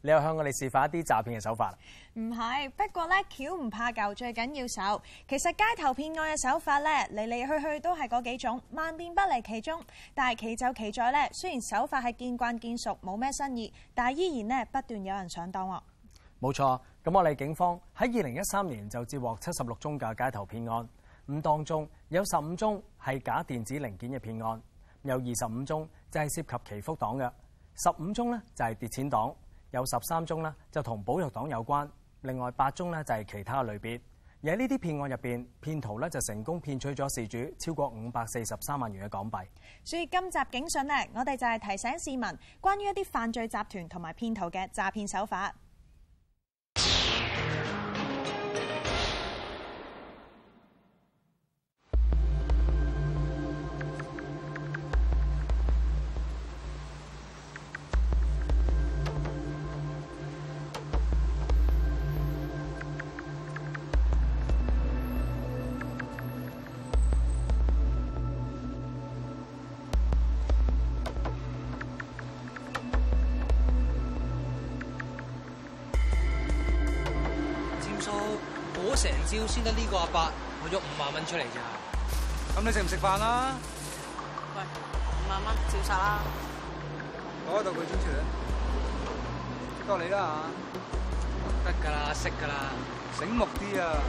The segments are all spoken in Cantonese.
你又向我哋示範一啲詐騙嘅手法？唔係，不過呢，橋唔怕舊，最緊要受。其實街頭騙案嘅手法呢，嚟嚟去去都係嗰幾種，萬變不離其宗。但係奇就奇在呢，雖然手法係見慣見熟，冇咩新意，但係依然呢，不斷有人上當喎、啊。冇錯，咁我哋警方喺二零一三年就接獲七十六宗嘅街頭騙案，咁當中有十五宗係假電子零件嘅騙案，有二十五宗就係涉及祈福黨嘅，十五宗呢就係跌錢黨。有十三宗呢就同保育黨有關；另外八宗呢就係其他類別。而喺呢啲騙案入邊，騙徒咧就成功騙取咗事主超過五百四十三萬元嘅港幣。所以今集警訊呢，我哋就係提醒市民，關於一啲犯罪集團同埋騙徒嘅詐騙手法。要先得呢個阿伯，攞咗五萬蚊出嚟咋？咁你食唔食飯啊？喂，五萬蚊照殺啦，啊！攞到佢出嚟，多你啦得㗎啦，識㗎啦，醒目啲啊，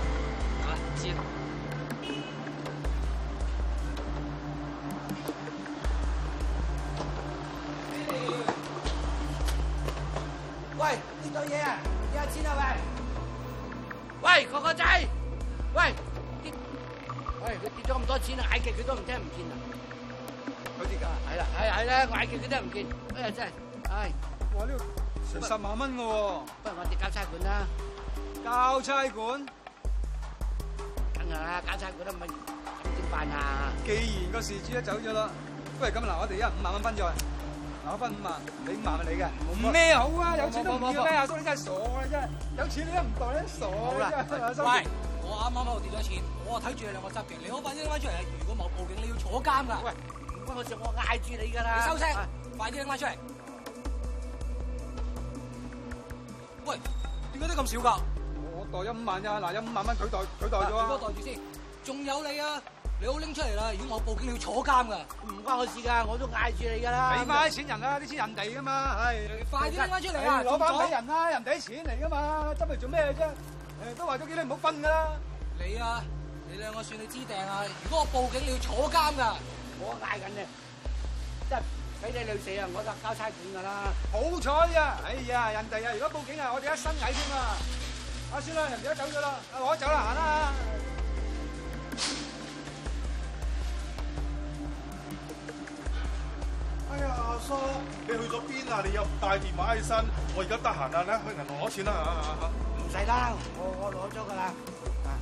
啊，啊，啊！喂，呢對嘢啊，要錢係咪？喂，哥哥仔！喂，跌，喂，佢跌咗咁多錢啊！嗌極佢都唔聽唔見啊！佢跌緊啊！係啦，係係啦，嗌極佢都唔見，哎呀真係，哎，我呢，成十萬蚊嘅，不如我哋交差館啦！交差館？梗係啦，交差館都唔好，點辦啊？既然個事主都走咗啦，不如咁嗱，我哋一五萬蚊分咗，嗱我分五萬，你五萬啊你嘅，冇咩好啊？有錢都唔要咩啊？阿叔你真係傻啊！真係，有錢你都唔袋，你傻啊！真係啊叔。啱啱我跌咗錢，我睇住你兩個執嘅，你好快啲拎翻出嚟！如果冇報警，你要坐監噶。喂，唔關我事，我嗌住你噶啦。你收聲，快啲拎翻出嚟！喂，點解都咁少噶？我袋咗五萬呀，嗱，有五萬蚊佢袋佢袋咗啊。我袋住先，仲有你啊！你好拎出嚟啦，如果我報警，你要坐監噶，唔關我事噶，我都嗌住你噶啦。俾翻啲錢人啊，啲錢人哋噶嘛，係，快啲拎翻出嚟啊！攞翻俾人啦，人哋啲錢嚟噶嘛，執嚟做咩啫？誒，都話咗幾多唔好分噶啦。你啊，你兩個算你知定啊！如果我報警，你要坐監啊。我拉緊你，即係俾你累死，我就交差管噶啦。好彩啊！哎呀，人哋啊，如果報警啊，我哋一身蟻添啊。啊，算啦，人哋都走咗啦。啊，我走啦，行啦。哎呀，阿叔，你去咗邊啊？你有帶電話喺身？我而家得閒啊，咧去銀行攞錢啦啊啊啊！唔使啦，我我攞咗噶啦。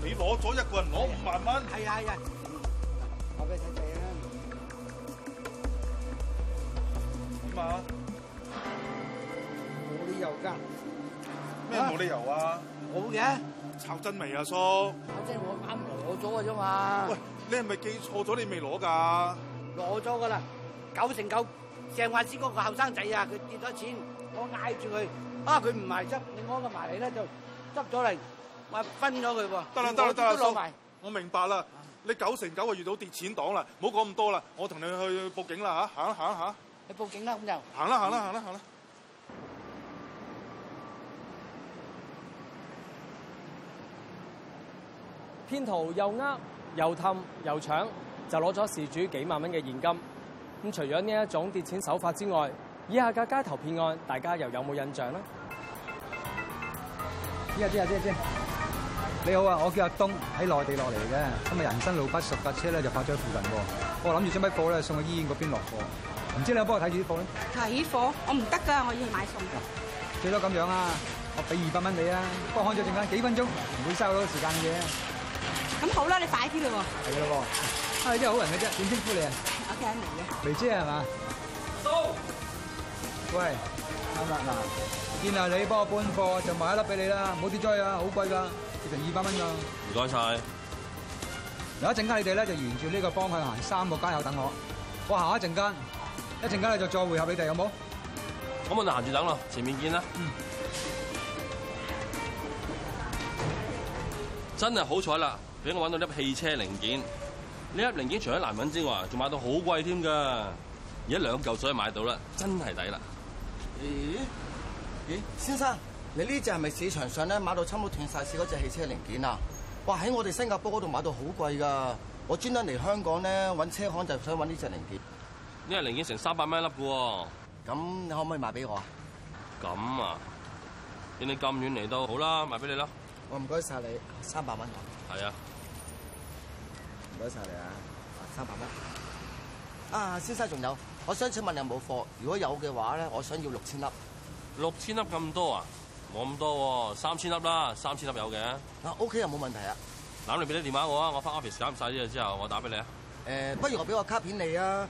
你攞咗一個人攞五萬蚊？係啊係啊，我俾你睇睇啦。點啊？冇理由噶。咩冇理由啊？冇嘅。炒真未啊，叔？炒真我啱攞咗啊，咋嘛？喂，你係咪記錯咗？你未攞噶？攞咗噶啦，九成九話先嗰個後生仔啊，佢跌咗錢，我嗌住佢啊，佢唔係執，你安個埋嚟咧就執咗嚟。我分咗佢喎，得啦得啦得啦，行啦行啦行啦行啦行啦行啦行啦，我明白啦，你九成九係遇到跌錢黨啦，唔好講咁多啦，我同你去報警啦嚇，行啦行啦你報警啦咁就。行啦行啦、嗯、行啦行啦。騙徒又呃又氹又，又搶，就攞咗事主幾萬蚊嘅現金。咁除咗呢一種跌錢手法之外，以下嘅街頭騙案，大家又有冇印象咧？知啊知啊知啊你好啊，我叫阿東，喺內地落嚟嘅，今日人生路不熟，架車咧就泊咗喺附近喎，我諗住將啲貨咧送去醫院嗰邊落貨，唔知道你有冇幫我睇住啲貨咧？睇貨？我唔得噶，我要買餸。最多咁樣啊，我俾二百蚊你啦。幫看咗陣間幾分鐘，唔會收到時間嘅。咁好啦，你快啲咯喎。係咯喎，啊真係好人嘅啫，點稱呼你啊？阿姐嚟啊，梅姐係嘛？到素。喂。阿伯嗱，見係你幫我搬貨，就買一粒俾你啦，唔好跌咗啊，好貴噶。接近二百蚊㗎，唔該晒。有一陣間你哋咧就沿住呢個方向行三個街口等我，我行一陣間，一陣間你就再會合你哋，好冇？我就行住等咯，前面見啦。嗯。真係好彩啦，俾我揾到粒汽車零件，呢粒零件除咗難揾之外，仲買到好貴添㗎。而家兩嚿水買到啦，真係抵啦。咦？咦？先生。你呢隻係咪市場上咧買到差唔多斷晒市嗰隻汽車零件啊？哇！喺我哋新加坡嗰度買到好貴噶，我專登嚟香港咧揾車行就係想揾呢隻零件。呢隻零件成三百蚊一粒噶喎、啊，咁你可唔可以賣俾我啊？咁啊，你咁遠嚟到，好啦，賣俾你啦。我唔該晒你，三百蚊。係啊，唔該晒你啊，三百蚊。啊，先生仲有，我想請問你有冇貨？如果有嘅話咧，我想要六千粒。六千粒咁多啊？冇咁多，三千粒啦，三千粒有嘅、啊。嗱，O K 又冇問題啊。嗱，你俾啲電話我啊，我翻 office 唔晒啲嘢之後，我打俾你啊。誒、呃，不如我俾我卡片你啊。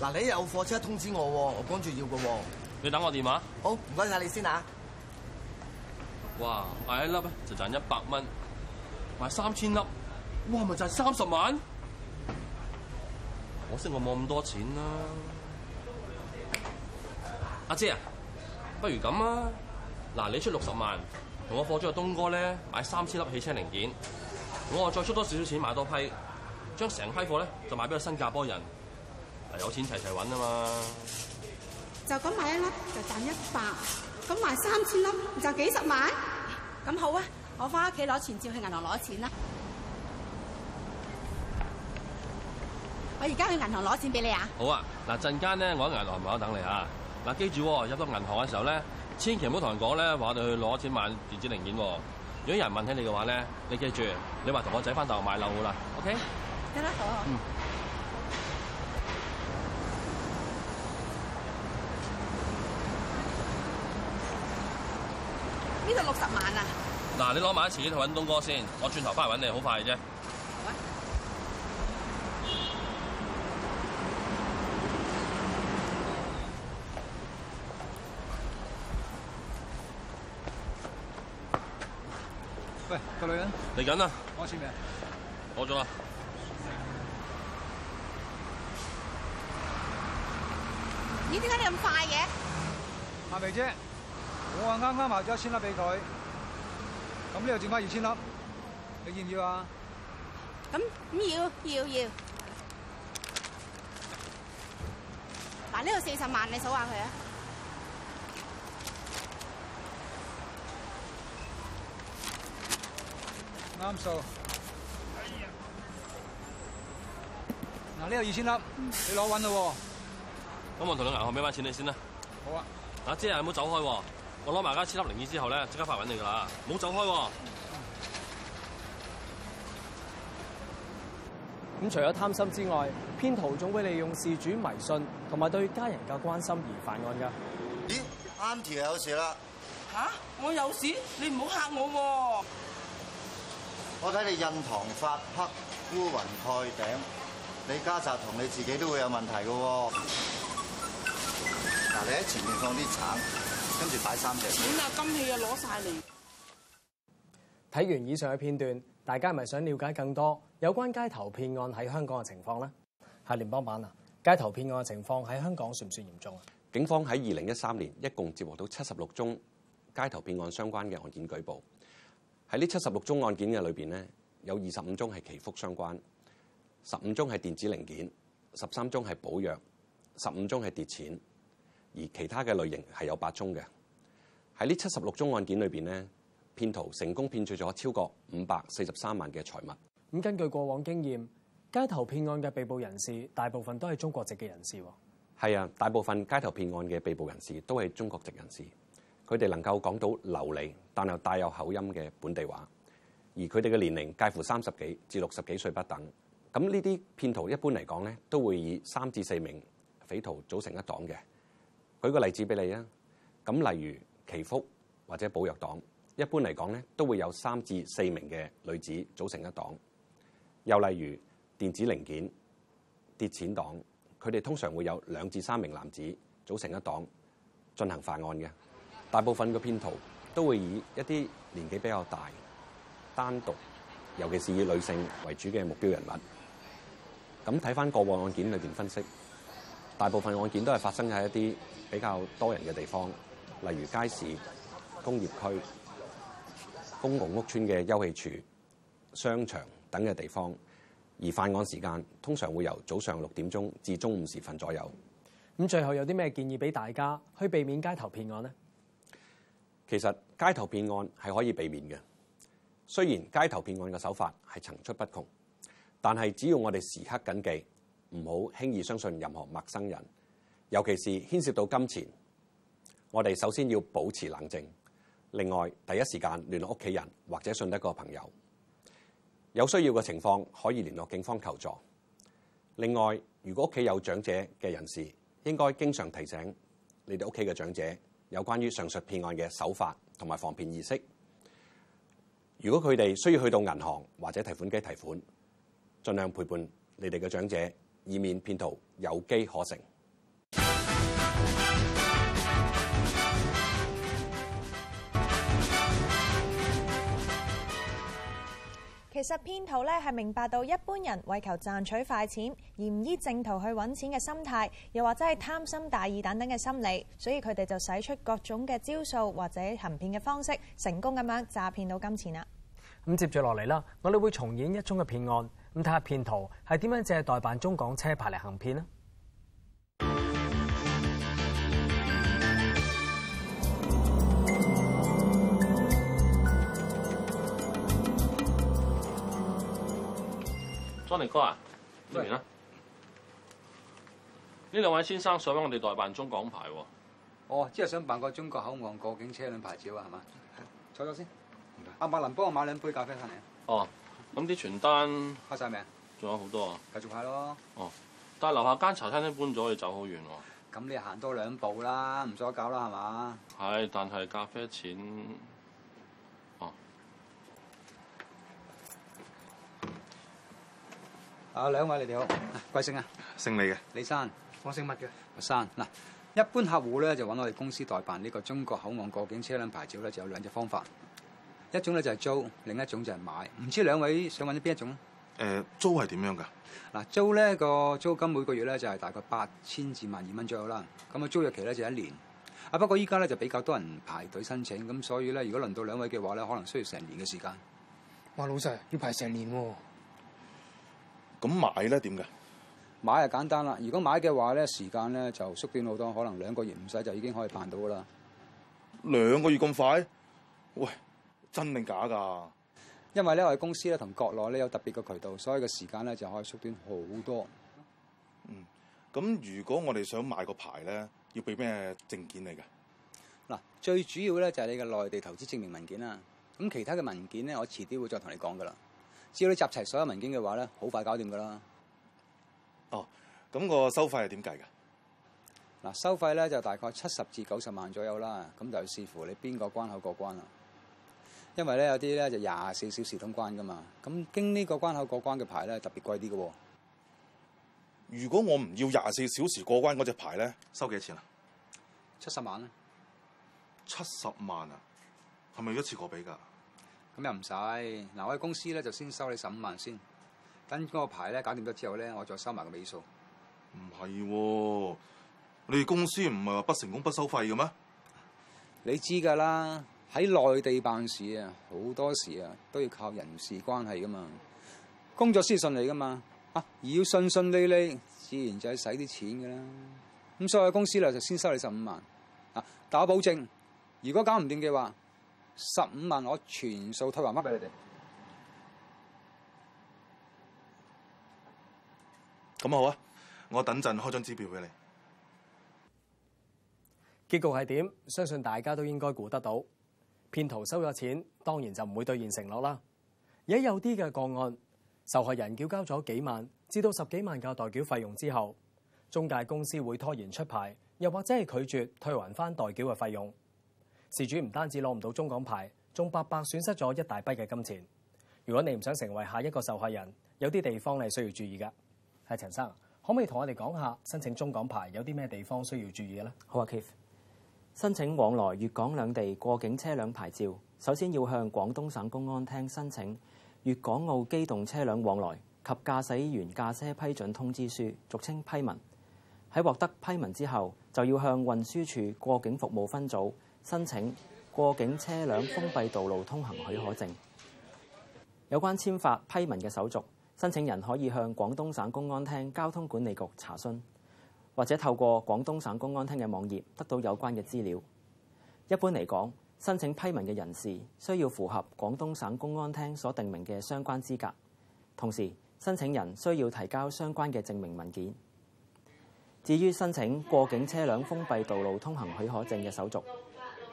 嗱，你有貨車通知我，我趕住要噶、啊。你等我電話。好，唔該晒你先啊。哇，買一粒咧就賺一百蚊，買三千粒，哇，咪賺三十萬。可惜我冇咁多錢啦、啊。阿姐啊，不如咁啊。嗱，你出六十萬同我貨主阿東哥咧買三千粒汽車零件，我再出多少少錢買多批，將成批貨咧就買俾新加坡人。有錢齊齊揾啊嘛，就咁買一粒就賺一百，咁買三千粒就幾十萬，咁好，好啊！我翻屋企攞存摺去銀行攞錢啦。我而家去銀行攞錢俾你啊。好啊，嗱，陣間咧，我喺銀行門口等你啊。嗱，記住入到銀行嘅時候咧，千祈唔好同人講咧，話我哋去攞錢買電子零件喎。如果有人問起你嘅話咧，你記住，你話同我仔翻大陸買樓好啦。OK，聽得到。嗯。呢度六十萬啊！嗱，你攞埋啲錢去揾東哥先，我轉頭翻嚟揾你好快啫。喂，個女人嚟緊啦！攞錢未啊？攞咗啦！你點解你咁快嘅？阿妹姐，我話啱啱買咗一千粒俾佢，咁呢又賺翻二千粒，你要唔要啊？咁咁要要要！嗱，呢度四十萬，你數下佢啊！啱數，嗱，呢度二千粒，你攞穩啦喎。咁我同你銀行俾翻錢你先啦。好啊。嗱，阿姐，有冇走開喎。我攞埋家千粒零錢之後咧，即刻快搵你噶啦唔好走開。咁、嗯、除咗貪心之外，騙徒總會利用事主迷信同埋對家人嘅關心而犯案噶。咦，啱婷有事啦？吓、啊？我有事？你唔好吓我喎、啊！我睇你印堂發黑，烏雲蓋頂，你家宅同你自己都會有問題㗎喎。嗱，你喺前面放啲橙，跟住擺三隻。錢啊，金器啊，攞晒嚟。睇完以上嘅片段，大家係咪想了解更多有關街頭騙案喺香港嘅情況咧？係聯邦版啊，街頭騙案嘅情況喺香港算唔算嚴重啊？警方喺二零一三年一共接獲到七十六宗街頭騙案相關嘅案件舉報。喺呢七十六宗案件嘅裏邊呢，有二十五宗係祈福相關，十五宗係電子零件，十三宗係保養，十五宗係跌錢，而其他嘅類型係有八宗嘅。喺呢七十六宗案件裏邊呢，騙徒成功騙取咗超過五百四十三萬嘅財物。咁根據過往經驗，街頭騙案嘅被捕人士大部分都係中國籍嘅人士喎。係啊，大部分街頭騙案嘅被捕人士都係中國籍人士。佢哋能夠講到流利，但又帶有口音嘅本地話，而佢哋嘅年齡介乎三十幾至六十幾歲不等。咁呢啲騙徒一般嚟講咧，都會以三至四名匪徒組成一黨嘅。舉個例子俾你啊，咁例如祈福或者寶藥黨，一般嚟講咧都會有三至四名嘅女子組成一黨。又例如電子零件跌錢黨，佢哋通常會有兩至三名男子組成一黨進行犯案嘅。大部分嘅騙徒都會以一啲年紀比較大、單獨，尤其是以女性為主嘅目標人物。咁睇翻過往案件裏面分析，大部分案件都係發生喺一啲比較多人嘅地方，例如街市、工業區、公共屋邨嘅休憩處、商場等嘅地方。而犯案時間通常會由早上六點鐘至中午時分左右。咁最後有啲咩建議俾大家去避免街頭騙案呢？其實街頭騙案係可以避免嘅，雖然街頭騙案嘅手法係層出不窮，但係只要我哋時刻緊記，唔好輕易相信任何陌生人，尤其是牽涉到金錢，我哋首先要保持冷靜。另外，第一時間聯絡屋企人或者信得過朋友，有需要嘅情況可以聯絡警方求助。另外，如果屋企有長者嘅人士，應該經常提醒你哋屋企嘅長者。有關於上述騙案嘅手法同埋防騙意識，如果佢哋需要去到銀行或者提款機提款，盡量陪伴你哋嘅長者，以免騙徒有機可乘。其實騙徒咧係明白到一般人為求賺取快錢而唔依正途去揾錢嘅心態，又或者係貪心大意等等嘅心理，所以佢哋就使出各種嘅招數或者行騙嘅方式，成功咁樣詐騙到金錢啦。咁接住落嚟啦，我哋會重演一宗嘅騙案，咁睇下騙徒係點樣借代辦中港車牌嚟行騙呢？Tony 哥啊，咩啊？呢兩喂位先生想揾我哋代辦中港牌喎。哦。哦，即、就、係、是、想辦個中國口岸過境車輛牌照喎，係嘛？坐咗先。阿馬林，幫我買兩杯咖啡翻嚟。哦，咁啲傳單派晒未啊？仲有好多啊，繼續派咯。哦，但係樓下間茶餐廳搬咗，要走好遠喎。咁、嗯、你行多兩步啦，唔使搞啦，係嘛？係，但係咖啡錢。啊，兩位你哋好，貴姓啊？姓你李嘅，李生。我姓乜嘅？阿生嗱，一般客戶咧就揾我哋公司代辦呢個中國口岸過境車輛牌照咧，就有兩隻方法，一種咧就係租，另一種就係買。唔知兩位想揾邊一種咧？誒、呃，租係點樣噶？嗱，租咧個租金每個月咧就係大概八千至萬二蚊左右啦。咁啊租約期咧就一年。啊，不過依家咧就比較多人排隊申請，咁所以咧如果輪到兩位嘅話咧，可能需要成年嘅時間。哇，老細要排成年喎！咁買咧點噶？買啊簡單啦！如果買嘅話咧，時間咧就縮短好多，可能兩個月唔使就已經可以辦到噶啦。兩個月咁快？喂，真定假噶？因為咧我哋公司咧同國內咧有特別嘅渠道，所以個時間咧就可以縮短好多。嗯，咁如果我哋想買個牌咧，要俾咩證件嚟噶？嗱，最主要咧就係你嘅內地投資證明文件啦。咁其他嘅文件咧，我遲啲會再同你講噶啦。只要你集齊所有文件嘅話咧，好快搞掂噶啦。哦，咁個收費係點計噶？嗱，收費咧就大概七十至九十萬左右啦。咁就視乎你邊個關口過關啦。因為咧有啲咧就廿四小時通關噶嘛。咁經呢個關口過關嘅牌咧特別貴啲噶。如果我唔要廿四小時過關嗰隻牌咧，收幾多錢啊？七十萬咧？七十萬啊？係咪、啊、一次過俾噶？咁又唔使，嗱，我喺公司咧就先收你十五萬先，等嗰個牌咧搞掂咗之後咧，我再收埋個尾數。唔係喎，你哋公司唔係話不成功不收費嘅咩？你知噶啦，喺內地辦事啊，好多時啊都要靠人事關係噶嘛，工作先順利噶嘛，啊而要順順利利，自然就係使啲錢噶啦。咁所以我喺公司咧就先收你十五萬，啊，但我保證，如果搞唔掂嘅話，十五萬我全數退還翻俾你哋。咁好啊！我等陣開張支票俾你。結局係點？相信大家都應該估得到。騙徒收咗錢，當然就唔會兌現承諾啦。而有啲嘅個案，受害人繳交咗幾萬至到十幾萬嘅代繳費用之後，中介公司會拖延出牌，又或者係拒絕退還翻代繳嘅費用。事主唔單止攞唔到中港牌，仲白白損失咗一大筆嘅金錢。如果你唔想成為下一個受害人，有啲地方你需要注意㗎。係，陳生，可唔可以同我哋講下申請中港牌有啲咩地方需要注意嘅呢？好啊，Keith。申請往來粵港兩地過境車輛牌照，首先要向廣東省公安廳申請粵港澳機動車輛往來及駕駛員駕車批准通知書，俗稱批文。喺獲得批文之後，就要向運輸署過境服務分組。申請過境車輛封閉道路通行許可證。有關簽發批文嘅手續，申請人可以向廣東省公安廳交通管理局查詢，或者透過廣東省公安廳嘅網頁得到有關嘅資料。一般嚟講，申請批文嘅人士需要符合廣東省公安廳所定明嘅相關資格，同時申請人需要提交相關嘅證明文件。至於申請過境車輛封閉道路通行許可證嘅手續。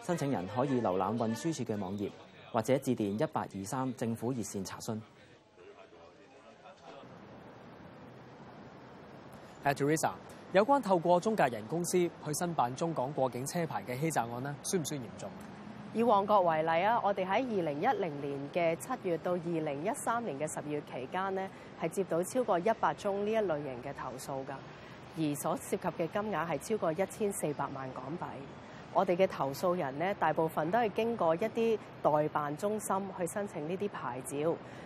申請人可以瀏覽運輸署嘅網頁，或者致電一八二三政府熱線查詢。Hey, Teresa，有關透過中介人公司去申辦中港過境車牌嘅欺詐案呢，算唔算嚴重？以旺角為例啊，我哋喺二零一零年嘅七月到二零一三年嘅十月期間呢，係接到超過一百宗呢一類型嘅投訴噶，而所涉及嘅金額係超過一千四百萬港幣。我哋嘅投訴人咧，大部分都係經過一啲代辦中心去申請呢啲牌照。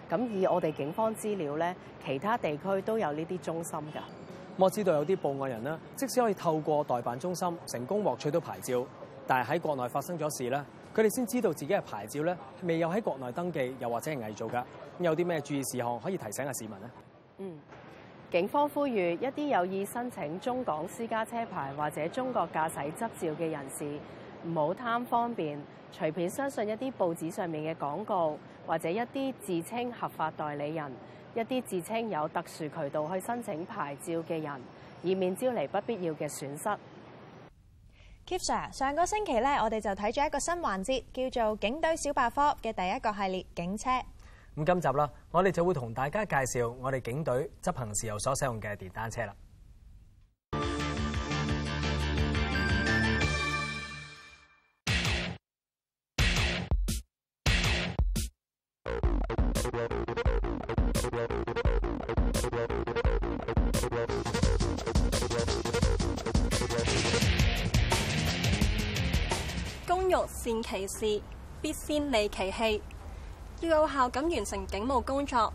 咁以我哋警方資料咧，其他地區都有呢啲中心噶。我知道有啲報案人呢，即使可以透過代辦中心成功獲取到牌照，但係喺國內發生咗事呢，佢哋先知道自己嘅牌照呢，未有喺國內登記，又或者係偽造噶。有啲咩注意事項可以提醒下市民呢？嗯。警方呼籲一啲有意申請中港私家車牌或者中國駕駛執照嘅人士，唔好貪方便，隨便相信一啲報紙上面嘅廣告，或者一啲自稱合法代理人、一啲自稱有特殊渠道去申請牌照嘅人，以免招嚟不必要嘅損失。Kip Sir，上個星期咧，我哋就睇咗一個新環節，叫做《警隊小百科》嘅第一個系列《警車》。咁今集啦，我哋就會同大家介紹我哋警隊執行時有所使用嘅電單車啦。工欲善其事，必先利其器。要有效咁完成警務工作，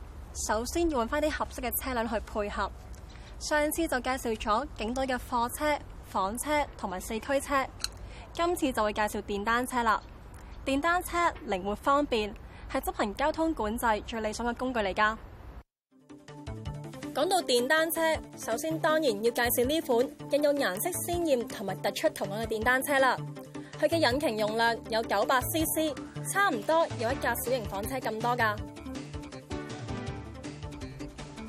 首先要揾翻啲合適嘅車輛去配合。上次就介紹咗警隊嘅貨車、房車同埋四驅車，今次就會介紹電單車啦。電單車靈活方便，係執行交通管制最理想嘅工具嚟㗎。講到電單車，首先當然要介紹呢款印有顏色鮮艷同埋突出同樣嘅電單車啦。佢嘅引擎容量有九百 CC。差唔多有一架小型房車咁多噶。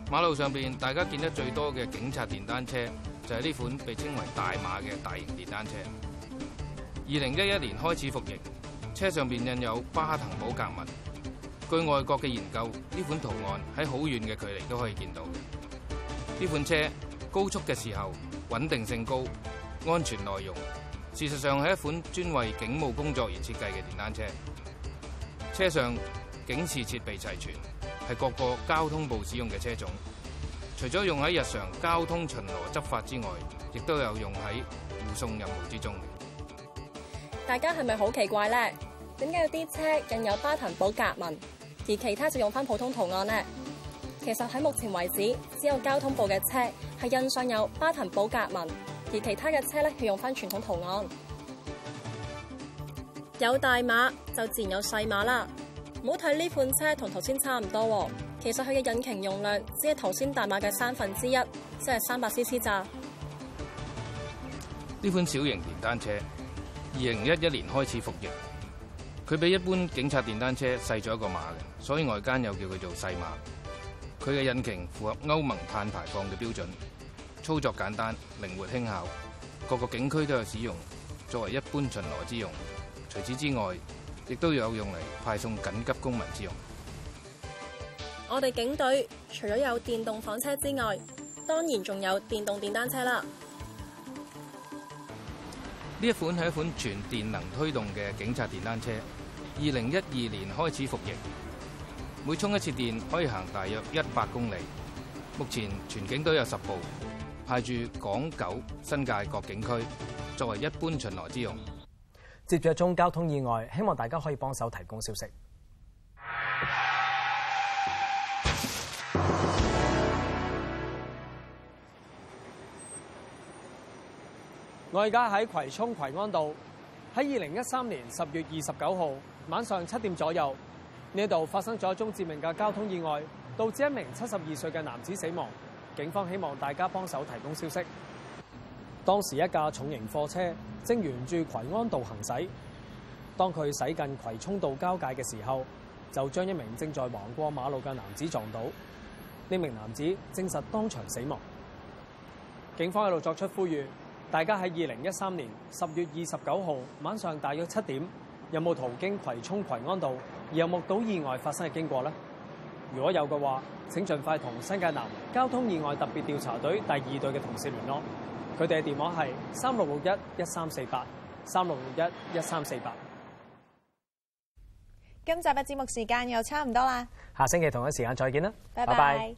馬路上邊大家見得最多嘅警察電單車，就係呢款被稱為大馬嘅大型電單車。二零一一年開始服役，車上邊印有巴騰堡格紋。據外國嘅研究，呢款圖案喺好遠嘅距離都可以見到。呢款車高速嘅時候穩定性高，安全耐用。事實上係一款專為警務工作而設計嘅電單車。車上警示設備齊全，係各個交通部使用嘅車種。除咗用喺日常交通巡邏執法之外，亦都有用喺護送任務之中。大家係咪好奇怪呢？點解有啲車印有巴騰堡格紋，而其他就用翻普通圖案呢？其實喺目前為止，只有交通部嘅車係印上有巴騰堡格紋，而其他嘅車咧係用翻傳統圖案。有大碼就自然有細碼啦，唔好睇呢款車同頭先差唔多，其實佢嘅引擎容量只係頭先大碼嘅三分之一，即係三百 CC 咋。呢款小型電單車，二零一一年開始服役，佢比一般警察電單車細咗一個碼嘅，所以外間又叫佢做細碼。佢嘅引擎符合歐盟碳排放嘅標準，操作簡單、靈活輕巧，各個警區都有使用，作為一般巡邏之用。除此之外，亦都有用嚟派送緊急公文之用。我哋警隊除咗有電動房車之外，當然仲有電動電單車啦。呢一款係一款全電能推動嘅警察電單車，二零一二年開始服役，每充一次電可以行大約一百公里。目前全警隊有十部，派駐港九新界各警區作為一般巡邏之用。接住一宗交通意外，希望大家可以幫手提供消息。我而家喺葵涌葵安道，喺二零一三年十月二十九號晚上七點左右，呢度發生咗一宗致命嘅交通意外，導致一名七十二歲嘅男子死亡。警方希望大家幫手提供消息。當時一架重型貨車正沿住葵安道行駛，當佢駛近葵涌道交界嘅時候，就將一名正在橫過馬路嘅男子撞倒。呢名男子證實當場死亡。警方喺度作出呼籲，大家喺二零一三年十月二十九號晚上大約七點有冇途經葵涌葵安道而有目睹意外發生嘅經過呢？如果有嘅話，請盡快同新界南交通意外特別調查隊第二隊嘅同事聯絡。佢哋嘅電話係三六六一一三四八，三六六一一三四八。今集嘅節目時間又差唔多啦，下星期同一時間再見啦，bye bye 拜拜。